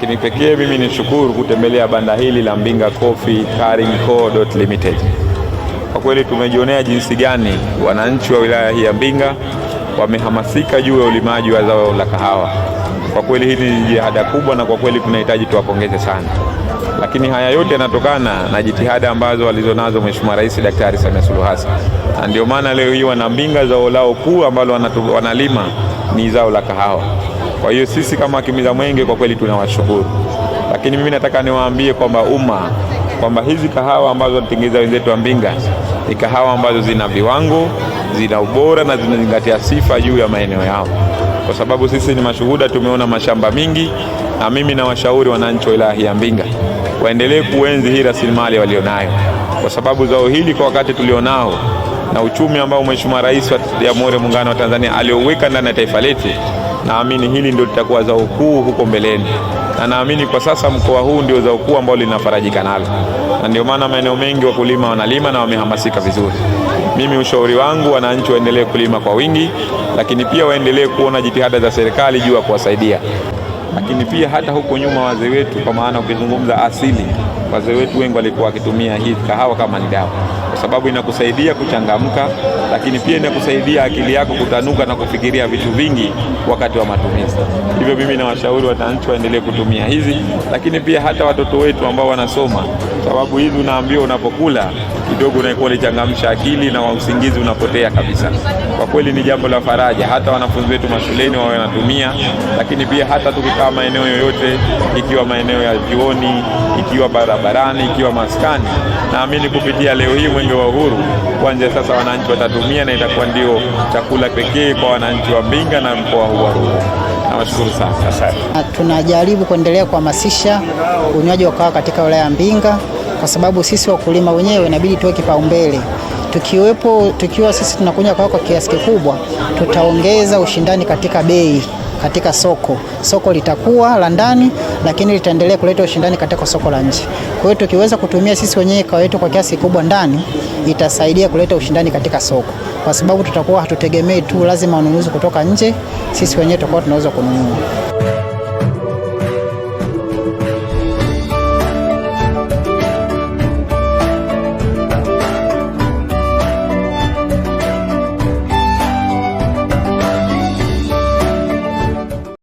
Lakini pekee mimi nishukuru kutembelea banda hili la Mbinga Coffee Caring Co Limited. Kwa kweli tumejionea jinsi gani wananchi wa wilaya hii ya Mbinga wamehamasika juu ya ulimaji wa zao la kahawa. Kwa kweli hili ni jitihada kubwa, na kwa kweli tunahitaji tuwapongeze sana, lakini haya yote yanatokana na jitihada ambazo walizonazo Mheshimiwa Rais Daktari Samia Suluhu Hassan, na ndio maana leo hii wana Mbinga zao lao kuu ambalo wanalima ni zao la kahawa. Kwa hiyo sisi kama wakimbiza mwenge kwa kweli tunawashukuru, lakini mimi nataka niwaambie kwamba umma kwamba hizi kahawa ambazo wanatengeneza wenzetu wa Mbinga ni kahawa ambazo zina viwango, zina ubora na zinazingatia sifa juu ya maeneo yao, kwa sababu sisi ni mashuhuda, tumeona mashamba mingi, na mimi na washauri wananchi wa wilaya hii ya Mbinga waendelee kuenzi hii rasilimali walionayo, kwa sababu zao hili kwa wakati tulionao na uchumi ambao Mheshimiwa Rais wa Jamhuri ya Muungano wa Tanzania alioweka ndani ya taifa letu naamini hili ndio litakuwa zao kuu huko mbeleni, na naamini kwa sasa mkoa huu ndio zao kuu ambalo linafarajika nalo, na ndio maana maeneo mengi wakulima wanalima na wamehamasika vizuri. Mimi ushauri wangu, wananchi waendelee kulima kwa wingi, lakini pia waendelee kuona jitihada za serikali juu ya kuwasaidia, lakini pia hata huko nyuma wazee wetu, kwa maana ukizungumza asili wazee wetu wengi walikuwa wakitumia hii kahawa kama ni dawa, kwa sababu inakusaidia kuchangamka, lakini pia inakusaidia akili yako kutanuka na kufikiria vitu vingi wakati wa matumizi. Hivyo mimi nawashauri wananchi waendelee kutumia hizi, lakini pia hata watoto wetu ambao wanasoma, sababu hivi unaambiwa unapokula kidogo unaikuwa ulichangamsha akili na usingizi unapotea kabisa. Kwa kweli ni jambo la faraja, hata wanafunzi wetu mashuleni wawe wanatumia, lakini pia hata tukikaa maeneo yoyote, ikiwa maeneo ya jioni, ikiwa bara barabarani, ikiwa maskani. Naamini kupitia leo hii Mwenge wa Uhuru kwanza sasa wananchi watatumia na itakuwa ndio chakula pekee kwa wananchi wa Mbinga na mkoa huu wa Rukwa. Nawashukuru sana, asante. Tunajaribu kuendelea kuhamasisha unywaji wa kahawa katika wilaya ya Mbinga kwa sababu sisi wakulima wenyewe inabidi tuwe kipaumbele tukiwepo tukiwa sisi tunakunywa kahawa kwa kiasi kikubwa, tutaongeza ushindani katika bei katika soko. Soko litakuwa la ndani, lakini litaendelea kuleta ushindani katika soko la nje. Kwa hiyo tukiweza kutumia sisi wenyewe kawa yetu kwa kiasi kikubwa ndani, itasaidia kuleta ushindani katika soko, kwa sababu tutakuwa hatutegemei tu lazima wanunuzi kutoka nje, sisi wenyewe tutakuwa tunaweza kununua.